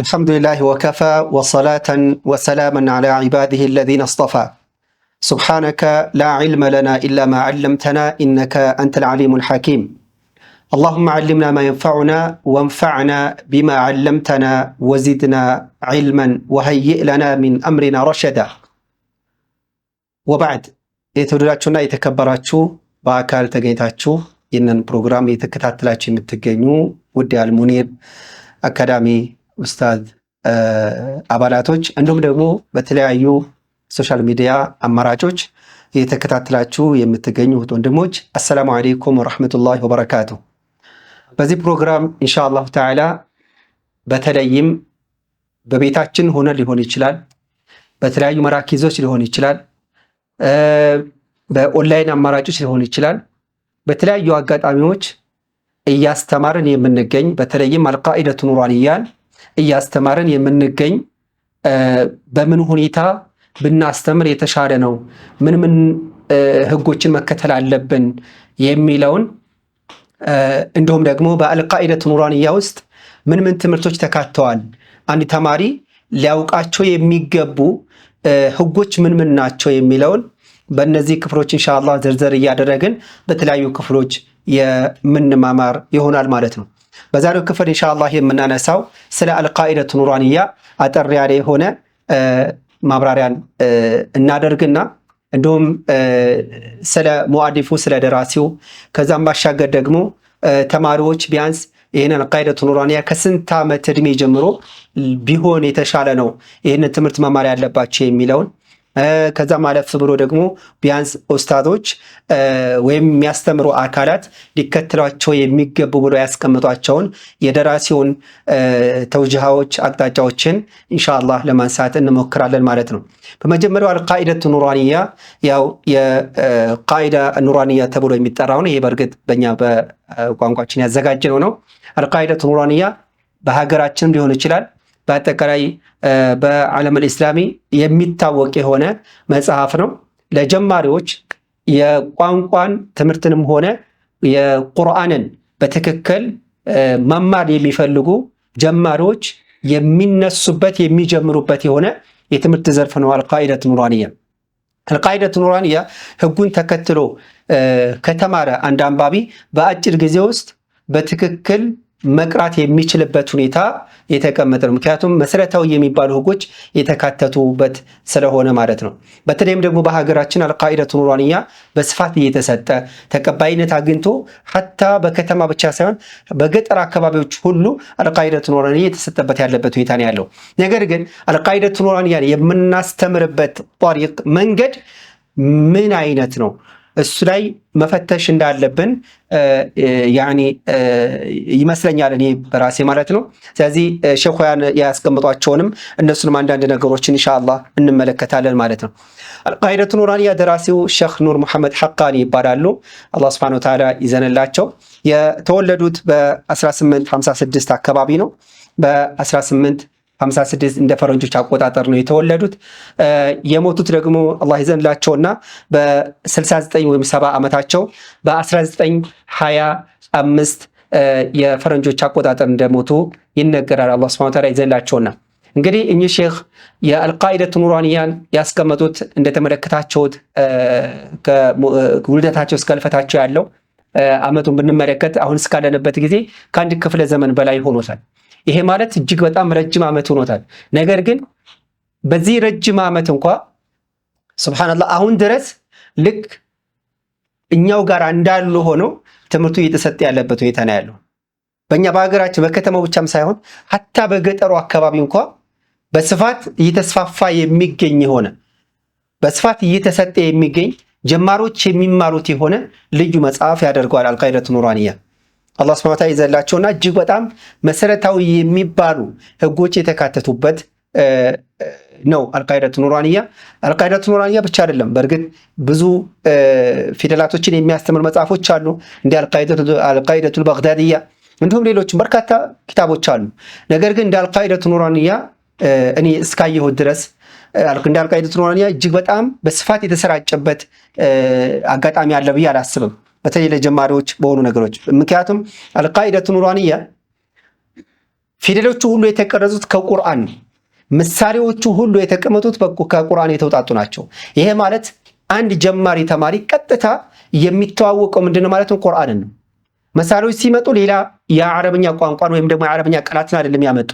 الحمد لله وكفى وصلاة وسلاما على عباده الذين اصطفى سبحانك لا علم لنا إلا ما علمتنا إنك أنت العليم الحكيم اللهم علمنا ما ينفعنا وانفعنا بما علمتنا وزدنا علما وهيئ لنا من أمرنا رشدا وبعد የተወደዳችሁና إيه የተከበራችሁ إيه باكال تقيتاتشو ይህንን ፕሮግራም የተከታተላችሁ የምትገኙ ውድ አልሙኒር አካዳሚ ኡስታዝ አባላቶች እንዲሁም ደግሞ በተለያዩ ሶሻል ሚዲያ አማራጮች የተከታተላችሁ የምትገኙ ወንድሞች አሰላሙ አሌይኩም ወረሕመቱላሂ ወበረካቱ። በዚህ ፕሮግራም እንሻ አላሁ ተዓላ በተለይም በቤታችን ሆነ ሊሆን ይችላል፣ በተለያዩ መራኪዞች ሊሆን ይችላል፣ በኦንላይን አማራጮች ሊሆን ይችላል በተለያዩ አጋጣሚዎች እያስተማርን የምንገኝ በተለይም አልቃኢደቱ ኑራንያን እያስተማርን የምንገኝ በምን ሁኔታ ብናስተምር የተሻለ ነው፣ ምን ምን ህጎችን መከተል አለብን የሚለውን እንዲሁም ደግሞ በአልቃኢደቱ ኑራንያ ውስጥ ምን ምን ትምህርቶች ተካተዋል፣ አንድ ተማሪ ሊያውቃቸው የሚገቡ ህጎች ምን ምን ናቸው የሚለውን በእነዚህ ክፍሎች እንሻላ ዝርዝር እያደረግን በተለያዩ ክፍሎች የምንማማር ይሆናል ማለት ነው። በዛሬው ክፍል እንሻላ የምናነሳው ስለ አልቃኢደቱ ኑራንያ አጠር ያለ የሆነ ማብራሪያን እናደርግና እንዲሁም ስለ ሙአሊፉ ስለ ደራሲው ከዛም ባሻገር ደግሞ ተማሪዎች ቢያንስ ይህን አልቃኢደቱ ኑራንያ ከስንት ዓመት ዕድሜ ጀምሮ ቢሆን የተሻለ ነው ይህንን ትምህርት መማር ያለባቸው የሚለውን ከዛ ማለፍ ብሎ ደግሞ ቢያንስ ኦስታቶች ወይም የሚያስተምሩ አካላት ሊከተሏቸው የሚገቡ ብሎ ያስቀምጧቸውን የደራሲውን ተውጅሃዎች አቅጣጫዎችን እንሻላ ለማንሳት እንሞክራለን ማለት ነው። በመጀመሪያው አልቃኢደቱ ኑራንያ ያው የቃኢዳ ኑራንያ ተብሎ ነው። ይህ በእርግጥ በእኛ በቋንቋችን ያዘጋጀነው ነው። አልቃኢደቱ ኑራንያ በሀገራችንም ሊሆን ይችላል በአጠቃላይ በዓለም ኢስላሚ የሚታወቅ የሆነ መጽሐፍ ነው። ለጀማሪዎች የቋንቋን ትምህርትንም ሆነ የቁርአንን በትክክል መማር የሚፈልጉ ጀማሪዎች የሚነሱበት የሚጀምሩበት የሆነ የትምህርት ዘርፍ ነው። አልቃደት ኑራንያ አልቃኢደቱ ኑራንያ ህጉን ተከትሎ ከተማረ አንድ አንባቢ በአጭር ጊዜ ውስጥ በትክክል መቅራት የሚችልበት ሁኔታ የተቀመጠ ነው። ምክንያቱም መሰረታዊ የሚባሉ ህጎች የተካተቱበት ስለሆነ ማለት ነው። በተለይም ደግሞ በሀገራችን አልቃኢደቱ ኑራንያ በስፋት እየተሰጠ ተቀባይነት አግኝቶ ሀታ በከተማ ብቻ ሳይሆን በገጠር አካባቢዎች ሁሉ አልቃኢደቱ ኑራንያ የተሰጠበት ያለበት ሁኔታ ነው ያለው። ነገር ግን አልቃኢደቱ ኑራንያ የምናስተምርበት ጣሪቅ መንገድ ምን አይነት ነው? እሱ ላይ መፈተሽ እንዳለብን ያኔ ይመስለኛል፣ እኔ በራሴ ማለት ነው። ስለዚህ ሸኮያን ያስቀምጧቸውንም እነሱንም አንዳንድ ነገሮች እንሻላ እንመለከታለን ማለት ነው። አልቃይደቱ ኑራንያ ደራሲው ሸክ ኑር መሐመድ ሐቃኒ ይባላሉ። አላህ ሱብሓነሁ ወተዓላ ይዘንላቸው። የተወለዱት በ1856 አካባቢ ነው በ18 56 እንደ ፈረንጆች አቆጣጠር ነው የተወለዱት። የሞቱት ደግሞ አላህ እና በ69 ወይም 70 ዓመታቸው በ1925 የፈረንጆች አቆጣጠር እንደሞቱ ይነገራል። አላህ ሱብሓነሁ ወተዓላ ይዘንላቸውና እንግዲህ እኚህ ሼክ የአልቃኢደቱ ኑራንያን ያስቀመጡት እንደተመለከታቸውት ውልደታቸው እስከ እልፈታቸው ያለው አመቱን ብንመለከት አሁን እስካለንበት ጊዜ ከአንድ ክፍለ ዘመን በላይ ሆኖታል። ይሄ ማለት እጅግ በጣም ረጅም ዓመት ሆኖታል። ነገር ግን በዚህ ረጅም ዓመት እንኳ ስብሓናላህ አሁን ድረስ ልክ እኛው ጋር እንዳሉ ሆነው ትምህርቱ እየተሰጠ ያለበት ሁኔታ ነው ያለው። በእኛ በሀገራችን በከተማው ብቻም ሳይሆን ሀታ በገጠሩ አካባቢ እንኳ በስፋት እየተስፋፋ የሚገኝ የሆነ በስፋት እየተሰጠ የሚገኝ ጀማሮች የሚማሩት የሆነ ልዩ መጽሐፍ ያደርገዋል አልቃይደቱ ኑራንያ አላህ ስብሐ ወተዓላ ይዘላቸውና እጅግ በጣም መሰረታዊ የሚባሉ ህጎች የተካተቱበት ነው። አልቃይደቱ ኑራንያ አልቃይደቱ ኑራንያ ብቻ አይደለም። በእርግጥ ብዙ ፊደላቶችን የሚያስተምር መጽሐፎች አሉ እንደ አልቃይደቱ ልባግዳድያ እንዲሁም ሌሎችም በርካታ ኪታቦች አሉ። ነገር ግን እንደ አልቃይደቱ ኑራንያ እኔ እስካየሁት ድረስ እንደ አልቃይደቱ ኑራንያ እጅግ በጣም በስፋት የተሰራጨበት አጋጣሚ አለ ብዬ አላስብም። በተለይ ለጀማሪዎች በሆኑ ነገሮች። ምክንያቱም አልቃኢደቱ ኑራንያ ፊደሎቹ ሁሉ የተቀረጹት ከቁርአን ምሳሌዎቹ ሁሉ የተቀመጡት ከቁርአን የተውጣጡ ናቸው። ይሄ ማለት አንድ ጀማሪ ተማሪ ቀጥታ የሚተዋወቀው ምንድነው ማለት ነው? ቁርአንን ነው። ምሳሌዎች ሲመጡ ሌላ የአረብኛ ቋንቋን ወይም ደግሞ የአረብኛ ቃላትን አይደለም ያመጡ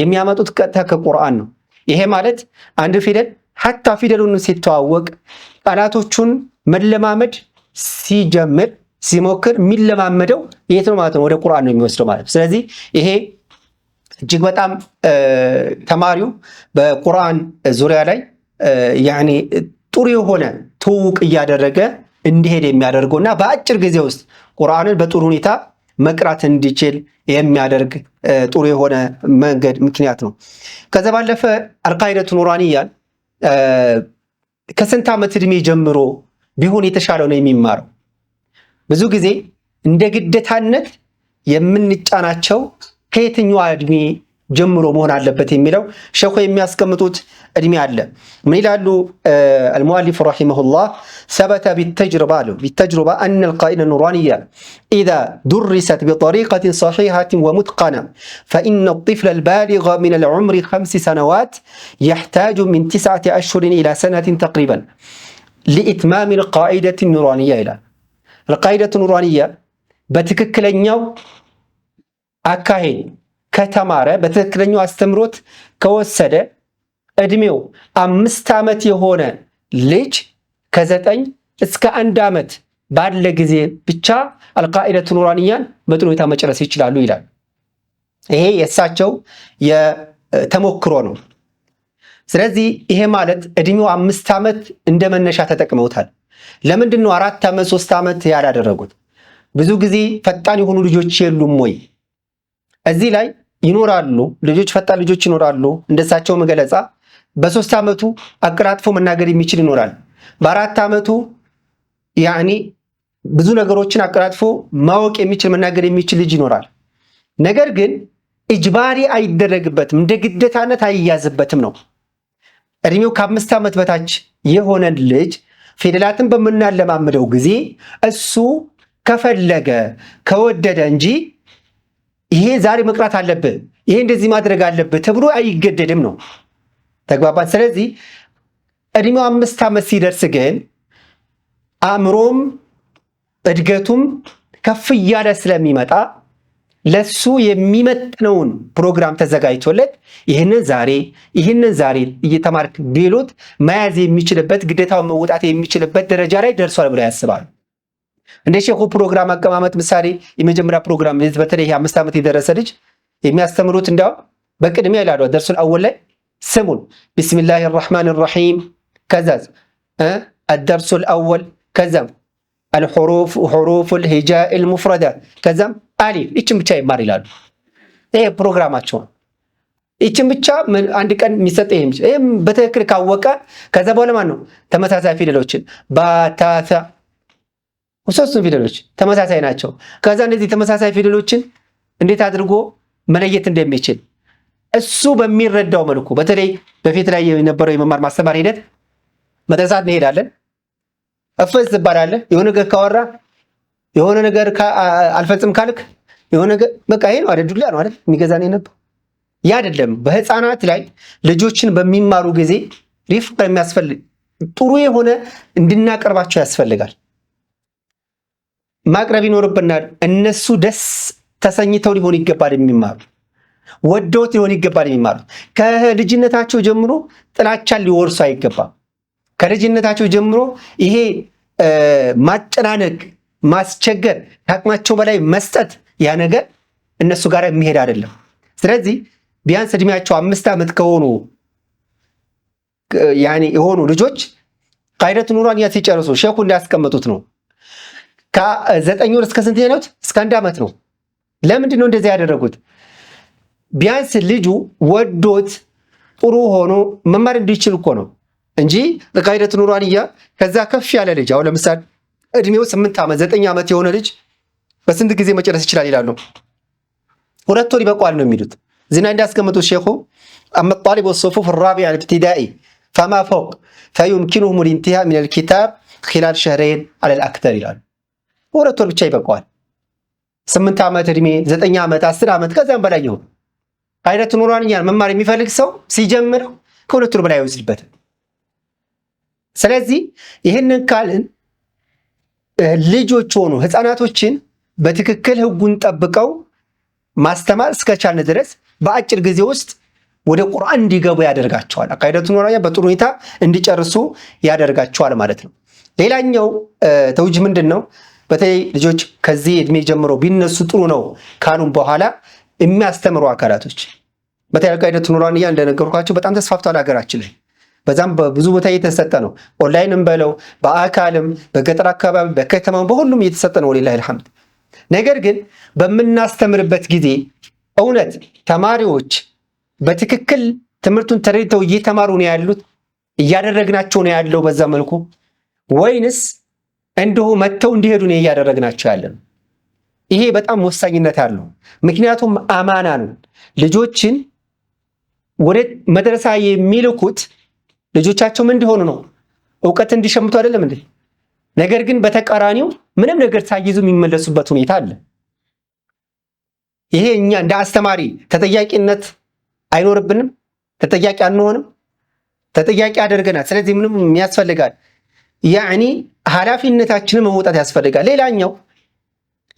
የሚያመጡት ቀጥታ ከቁርአን ነው። ይሄ ማለት አንድ ፊደል ሀታ ፊደሉን ሲተዋወቅ ቃላቶቹን መለማመድ ሲጀምር ሲሞክር የሚለማመደው የት ነው ማለት ነው? ወደ ቁርአን ነው የሚወስደው ማለት ነው። ስለዚህ ይሄ እጅግ በጣም ተማሪው በቁርአን ዙሪያ ላይ ያኔ ጥሩ የሆነ ትውውቅ እያደረገ እንዲሄድ የሚያደርገው እና በአጭር ጊዜ ውስጥ ቁርአንን በጥሩ ሁኔታ መቅራት እንዲችል የሚያደርግ ጥሩ የሆነ መንገድ ምክንያት ነው። ከዛ ባለፈ አልቃይደቱ ኑራኒያን ከስንት ዓመት ዕድሜ ጀምሮ ቢሆን የተሻለው ነው የሚማረው። ብዙ ጊዜ እንደ ግዴታነት የምንጫናቸው ከየትኛው እድሜ ጀምሮ መሆን አለበት የሚለው ሸኾ የሚያስቀምጡት እድሜ አለ። ምን ይላሉ አልሙአሊፍ ረሒመሁላህ? ሰበተ ቢተጅርባ አሉ ቢተጅርባ አነ ልቃኢዳ ኑራንያ ኢዛ ዱሪሰት ቢጠሪቀትን ሰሒሐትን ወሙትቀና ፈኢነ ጢፍለ ልባሊغ ምን ልዑምሪ ከምሲ ሰነዋት የሕታጁ ምን ትስዓተ አሽሁርን ኢላ ሰነትን ተቅሪበን ሊኢትማሚ ልቃኢደት ኑራንያ ይላል። ልቃኢደት ኑራንያ በትክክለኛው አካሄድ ከተማረ በትክክለኛው አስተምሮት ከወሰደ እድሜው አምስት ዓመት የሆነ ልጅ ከዘጠኝ እስከ አንድ ዓመት ባለ ጊዜ ብቻ አልቃኢደቱ ኑራንያን በጥሩ ሁኔታ መጨረስ ይችላሉ ይላል። ይሄ የእሳቸው የተሞክሮ ነው። ስለዚህ ይሄ ማለት እድሜው አምስት ዓመት እንደ መነሻ ተጠቅመውታል። ለምንድን ነው አራት ዓመት ሶስት ዓመት ያላደረጉት? ብዙ ጊዜ ፈጣን የሆኑ ልጆች የሉም ወይ? እዚህ ላይ ይኖራሉ ልጆች፣ ፈጣን ልጆች ይኖራሉ። እንደሳቸው መገለጻ በሶስት ዓመቱ አቀላጥፎ መናገር የሚችል ይኖራል። በአራት ዓመቱ ያኔ ብዙ ነገሮችን አቀላጥፎ ማወቅ የሚችል መናገር የሚችል ልጅ ይኖራል። ነገር ግን እጅባሪ አይደረግበትም፣ እንደ ግዴታነት አይያዝበትም ነው እድሜው ከአምስት ዓመት በታች የሆነን ልጅ ፊደላትን በምናለማምደው ጊዜ እሱ ከፈለገ ከወደደ እንጂ ይሄ ዛሬ መቅራት አለብህ፣ ይሄ እንደዚህ ማድረግ አለብህ ተብሎ አይገደድም ነው። ተግባባን። ስለዚህ እድሜው አምስት ዓመት ሲደርስ ግን አእምሮም እድገቱም ከፍ እያለ ስለሚመጣ ለሱ የሚመጥነውን ፕሮግራም ተዘጋጅቶለት ይህንን ዛሬ ይህንን ዛሬ እየተማርክ ቢሉት መያዝ የሚችልበት ግዴታውን መወጣት የሚችልበት ደረጃ ላይ ደርሷል ብለው ያስባሉ። እንደ ሼሁ ፕሮግራም አቀማመጥ ምሳሌ የመጀመሪያ ፕሮግራም በተለይ አምስት ዓመት የደረሰ ልጅ የሚያስተምሩት እንዲያውም በቅድሚያ ይላሉ ደርሱን አወል ላይ ስሙን ቢስሚላህ ራሕማን ራሒም ከዛ አደርሱል አወል ከዛም አልሑሩፍ ሑሩፍ ልሂጃ ልሙፍረዳት ከዛም አሊ ይችን ብቻ ይማር ይላሉ። ይሄ ፕሮግራማቸው ነው። ይችን ብቻ አንድ ቀን የሚሰጥ ይሄ ይህም በትክክል ካወቀ ከዛ በኋላ ማን ነው ተመሳሳይ ፊደሎችን ባታታ ሶስቱም ፊደሎች ተመሳሳይ ናቸው። ከዛ እንደዚህ ተመሳሳይ ፊደሎችን እንዴት አድርጎ መለየት እንደሚችል እሱ በሚረዳው መልኩ በተለይ በፊት ላይ የነበረው የመማር ማስተማር ሂደት መድረሳት እንሄዳለን። እፍዝ ትባላለህ የሆነ ነገር ካወራ የሆነ ነገር አልፈጽም ካልክ የሆነ ነገር በቃ ይሄ ነው አይደል? ዱላ ነው አይደል? የሚገዛን የነበው ያ አይደለም። በህፃናት ላይ ልጆችን በሚማሩ ጊዜ ሪፍ የሚያስፈልግ ጥሩ የሆነ እንድናቀርባቸው ያስፈልጋል። ማቅረብ ይኖርብናል። እነሱ ደስ ተሰኝተው ሊሆን ይገባል የሚማሩ ወደውት ሊሆን ይገባል የሚማሩት። ከልጅነታቸው ጀምሮ ጥላቻን ሊወርሱ አይገባም። ከልጅነታቸው ጀምሮ ይሄ ማጨናነቅ ማስቸገር፣ ከአቅማቸው በላይ መስጠት፣ ያ ነገር እነሱ ጋር የሚሄድ አይደለም። ስለዚህ ቢያንስ እድሜያቸው አምስት ዓመት ከሆኑ ያኔ የሆኑ ልጆች ኑሯን ያ ሲጨርሱ ሼኩ እንዳያስቀመጡት ነው። ከዘጠኝ ወር እስከ ስንት ያሉት እስከ አንድ ዓመት ነው። ለምንድን ነው እንደዚህ ያደረጉት? ቢያንስ ልጁ ወዶት ጥሩ ሆኖ መማር እንዲችል እኮ ነው እንጂ ኑሯን እያ ከዛ ከፍ ያለ ልጅ አሁን ለምሳሌ እድሜው ስምንት ዓመት ዘጠኝ ዓመት የሆነ ልጅ በስንት ጊዜ መጨረስ ይችላል ይላሉ። ሁለት ወር ይበቋል ነው የሚሉት። ዚና እንዳስቀምጡት ሼኹ አመጣሊብ ወሶፉፍ ራቢዕ አልብትዳኢ ፈማ ፎቅ ፈዩምኪኑሁም ልኢንትሃ ምን ልኪታብ ኪላል ሸህሬን አለል አክተር ይላሉ። ሁለት ወር ብቻ ይበቋል። ስምንት ዓመት እድሜ ዘጠኝ ዓመት አስር ዓመት ከዚያም በላይ ይሁን አይነት ኑሯንኛን መማር የሚፈልግ ሰው ሲጀምረው ከሁለት ወር በላይ ይወስድበት። ስለዚህ ይህንን ካልን ልጆች ሆኑ ህፃናቶችን በትክክል ህጉን ጠብቀው ማስተማር እስከቻልን ድረስ በአጭር ጊዜ ውስጥ ወደ ቁርአን እንዲገቡ ያደርጋቸዋል። አካሄደቱ ወራኛ በጥሩ ሁኔታ እንዲጨርሱ ያደርጋቸዋል ማለት ነው። ሌላኛው ተውጅ ምንድን ነው? በተለይ ልጆች ከዚህ እድሜ ጀምሮ ቢነሱ ጥሩ ነው ካሉም በኋላ የሚያስተምሩ አካላቶች በተለይ አልቃይደቱ ኑራንያ እንደነገርኳቸው በጣም ተስፋፍቷል ሀገራችን ላይ በዛም በብዙ ቦታ እየተሰጠ ነው። ኦንላይንም በለው በአካልም በገጠር አካባቢ በከተማም በሁሉም እየተሰጠ ነው። ወሌላ ልሐምድ። ነገር ግን በምናስተምርበት ጊዜ እውነት ተማሪዎች በትክክል ትምህርቱን ተረድተው እየተማሩ ነው ያሉት እያደረግናቸው ነው ያለው በዛ መልኩ ወይንስ እንደሁ መጥተው እንዲሄዱ ነው እያደረግናቸው ያለ ነው? ይሄ በጣም ወሳኝነት አለው። ምክንያቱም አማና ነው። ልጆችን ወደ መድረሳ የሚልኩት ምን እንዲሆኑ ነው። እውቀት እንዲሸምቱ አይደለም እንዴ? ነገር ግን በተቃራኒው ምንም ነገር ሳይይዙ የሚመለሱበት ሁኔታ አለ። ይሄ እኛ እንደ አስተማሪ ተጠያቂነት አይኖርብንም? ተጠያቂ አንሆንም? ተጠያቂ አደርገናል። ስለዚህ ምንም ያስፈልጋል፣ ያኒ ኃላፊነታችንን መውጣት ያስፈልጋል። ሌላኛው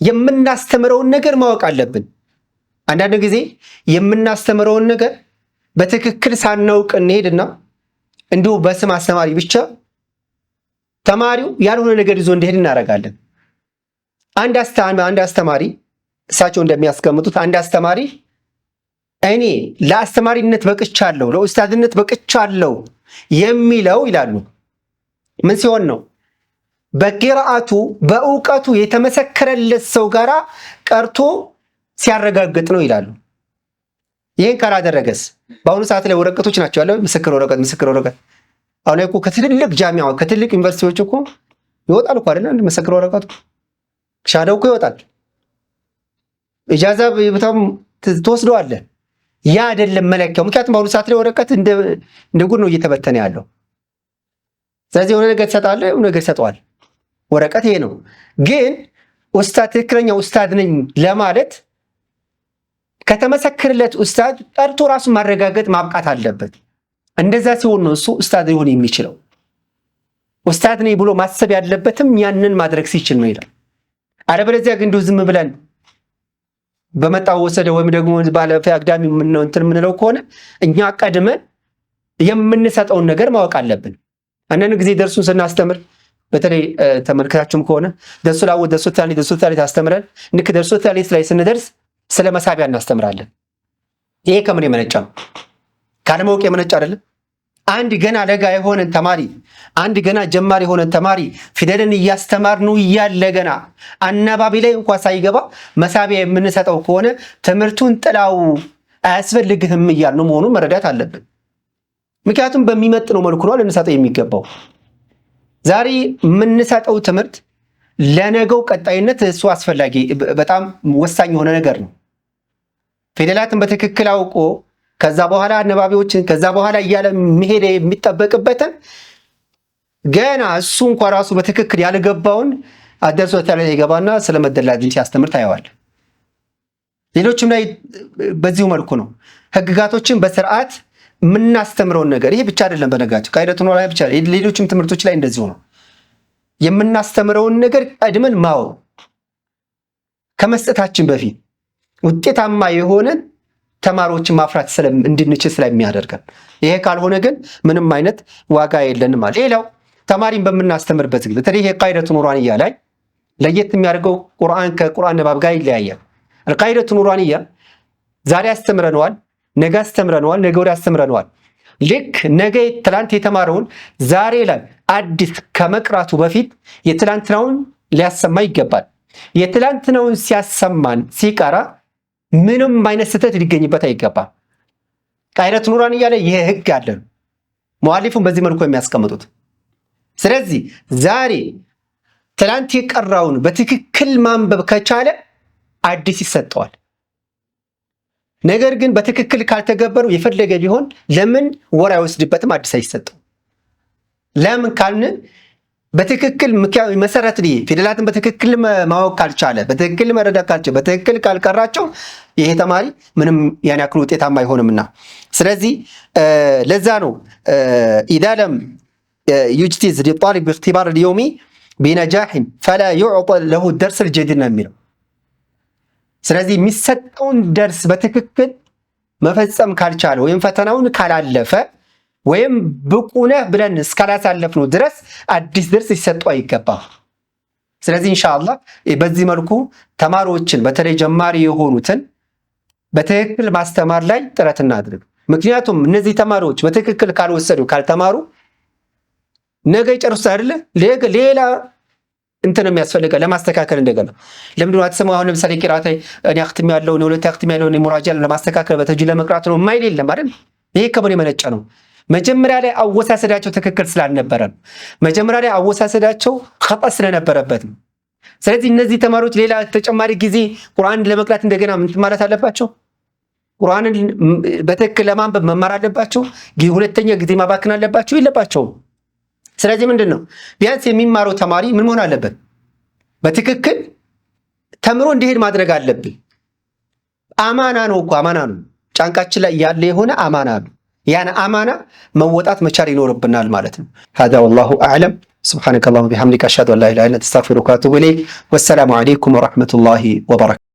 የምናስተምረውን ነገር ማወቅ አለብን። አንዳንድ ጊዜ የምናስተምረውን ነገር በትክክል ሳናውቅ እንሄድና እንዲሁ በስም አስተማሪ ብቻ ተማሪው ያልሆነ ነገር ይዞ እንዲሄድ እናደርጋለን። አንድ አስተማሪ እሳቸው እንደሚያስቀምጡት አንድ አስተማሪ እኔ ለአስተማሪነት በቅቻለሁ፣ ለኡስታዝነት በቅቻለሁ የሚለው ይላሉ ምን ሲሆን ነው? በቂራአቱ በእውቀቱ የተመሰከረለት ሰው ጋራ ቀርቶ ሲያረጋግጥ ነው ይላሉ። ይህን ካላደረገስ በአሁኑ ሰዓት ላይ ወረቀቶች ናቸው ያለው። ምስክር ወረቀት ምስክር ወረቀት አሁን ላይ ከትልልቅ ጃሚያ ከትልልቅ ዩኒቨርሲቲዎች እኮ ይወጣል እኮ አይደለ? ምስክር ወረቀቱ ሻደው እኮ ይወጣል። እጃዛ በጣም አለ ያ አይደለም መለኪያው። ምክንያቱም በአሁኑ ሰዓት ላይ ወረቀት እንደ ጉድ ነው እየተበተነ ያለው። ስለዚህ የሆነ ነገር ትሰጣለህ፣ የሆነ ነገር ይሰጠዋል። ወረቀት ይሄ ነው። ግን ኡስታድ ትክክለኛ ኡስታድ ነኝ ለማለት ከተመሰክርለት ኡስታዝ ጠርቶ ራሱ ማረጋገጥ ማብቃት አለበት። እንደዛ ሲሆን ነው እሱ ኡስታዝ ሊሆን የሚችለው። ኡስታዝ ነኝ ብሎ ማሰብ ያለበትም ያንን ማድረግ ሲችል ነው ይላል። አለበለዚያ ግን እንዲሁ ዝም ብለን በመጣው ወሰደ ወይም ደግሞ ባለፈ አግዳሚ እንትን የምንለው ከሆነ እኛ ቀድመን የምንሰጠውን ነገር ማወቅ አለብን። አንዳንድ ጊዜ ደርሱን ስናስተምር በተለይ ተመልክታችሁም ከሆነ ደርሱ ላወት ደርሶ ታሌ ደርሶ ታሌ ታስተምረን ንክ ደርሶ ታሌ ላይ ስንደርስ ስለ መሳቢያ እናስተምራለን። ይሄ ከምን የመነጫ ነው? ካለማወቅ የመነጫ አይደለም። አንድ ገና ለጋ የሆነን ተማሪ አንድ ገና ጀማሪ የሆነን ተማሪ ፊደልን እያስተማርኑ እያለ ገና አናባቢ ላይ እንኳ ሳይገባ መሳቢያ የምንሰጠው ከሆነ ትምህርቱን ጥላው አያስፈልግህም እያልን ነው መሆኑን መረዳት አለብን። ምክንያቱም በሚመጥነው መልኩ ነው ልንሰጠው የሚገባው። ዛሬ የምንሰጠው ትምህርት ለነገው ቀጣይነት እሱ አስፈላጊ በጣም ወሳኝ የሆነ ነገር ነው። ፊደላትን በትክክል አውቆ ከዛ በኋላ አነባቢዎችን ከዛ በኋላ እያለ መሄድ የሚጠበቅበትን ገና እሱ እንኳ ራሱ በትክክል ያልገባውን አደርሶታ ላይ ይገባና ስለ መደላድል ሲያስተምር ታየዋል። ሌሎችም ላይ በዚሁ መልኩ ነው። ህግጋቶችን በስርዓት የምናስተምረውን ነገር ይሄ ብቻ አይደለም። በነጋቸው ከአይነቱ ላይ ብቻ ሌሎችም ትምህርቶች ላይ እንደዚሁ ነው። የምናስተምረውን ነገር ቀድመን ማወቅ ከመስጠታችን በፊት ውጤታማ የሆነን ተማሪዎችን ማፍራት እንድንችል ስለሚያደርገን፣ ይሄ ካልሆነ ግን ምንም አይነት ዋጋ የለንም ማለት። ሌላው ተማሪን በምናስተምርበት ጊዜ በተለይ የቃይደቱ ኑራንያ ላይ ለየት የሚያደርገው ቁርአን ከቁርአን ንባብ ጋር ይለያያል። አልቃይደቱ ኑራንያ ዛሬ አስተምረነዋል፣ ነገ አስተምረነዋል፣ ነገ ወዲያ አስተምረነዋል። ልክ ነገ ትላንት የተማረውን ዛሬ ላይ አዲስ ከመቅራቱ በፊት የትላንትናውን ሊያሰማ ይገባል። የትላንትናውን ሲያሰማን ሲቀራ ምንም አይነት ስህተት ሊገኝበት አይገባም። አይነት ኑራን እያለ ይህ ህግ አለ መዋሊፉን በዚህ መልኩ የሚያስቀምጡት። ስለዚህ ዛሬ ትላንት የቀራውን በትክክል ማንበብ ከቻለ አዲስ ይሰጠዋል። ነገር ግን በትክክል ካልተገበሩ የፈለገ ቢሆን ለምን ወር አይወስድበትም፣ አዲስ አይሰጠው። ለምን ካልን በትክክል መሰረት ፊደላትን በትክክል ማወቅ ካልቻለ፣ በትክክል መረዳት ካልቻለ፣ በትክክል ካልቀራቸው ይሄ ተማሪ ምንም ያን ያክል ውጤታማ አይሆንምና፣ ስለዚህ ለዛ ነው ኢዳለም ዩጅቲዝ ሊጣሊብ እክትባር ልዮሚ ቢነጃሒን ፈላ ዩዕጠ ለሁ ደርስ ልጀዲድ ነው የሚለው ስለዚህ የሚሰጠውን ደርስ በትክክል መፈጸም ካልቻለ ወይም ፈተናውን ካላለፈ ወይም ብቁ ነህ ብለን እስካላሳለፍነው ድረስ አዲስ ደርስ ሊሰጠው አይገባም። ስለዚህ እንሻላ በዚህ መልኩ ተማሪዎችን በተለይ ጀማሪ የሆኑትን በትክክል ማስተማር ላይ ጥረት እናድርግ። ምክንያቱም እነዚህ ተማሪዎች በትክክል ካልወሰዱ ካልተማሩ ነገ ይጨርሱ አይደለ ሌላ እንትን የሚያስፈልገ ለማስተካከል እንደገና ለምድ ነው አሁን ለምሳሌ ቂራአት እኔ አክትም ያለው ሁለት አክትም ያለው ነው ሙራጃ ለማስተካከል በተጅ ለመቅራት ነው ማይል የለም አይደል? ይሄ ከምን የመነጨ ነው? መጀመሪያ ላይ አወሳሰዳቸው ትክክል ስላልነበረ ነው። መጀመሪያ ላይ አወሳሰዳቸው ከጣ ስለነበረበት ነው። ስለዚህ እነዚህ ተማሪዎች ሌላ ተጨማሪ ጊዜ ቁርአን ለመቅራት እንደገና ምን ማለት አለባቸው? ቁርአንን በትክክል ለማንበብ መማር አለባቸው። ሁለተኛ ጊዜ ማባክን አለባቸው የለባቸውም። ስለዚህ ምንድን ነው ቢያንስ የሚማረው ተማሪ ምን መሆን አለበት? በትክክል ተምሮ እንዲሄድ ማድረግ አለብን። አማና ነው እኮ አማና ነው፣ ጫንቃችን ላይ ያለ የሆነ አማና ነው። ያን አማና መወጣት መቻል ይኖርብናል ማለት ነው። ሀዛ ወላሁ አዕለም። ስብሓነከ አላሁመ ቢሐምዲከ አሽሀዱ አን ላ ኢላሀ ኢለ አንተ አስተግፊሩከ ወአቱቡ ኢለይክ። ወሰላሙ ዓለይኩም ወረሕመቱላሂ ወበረካቱ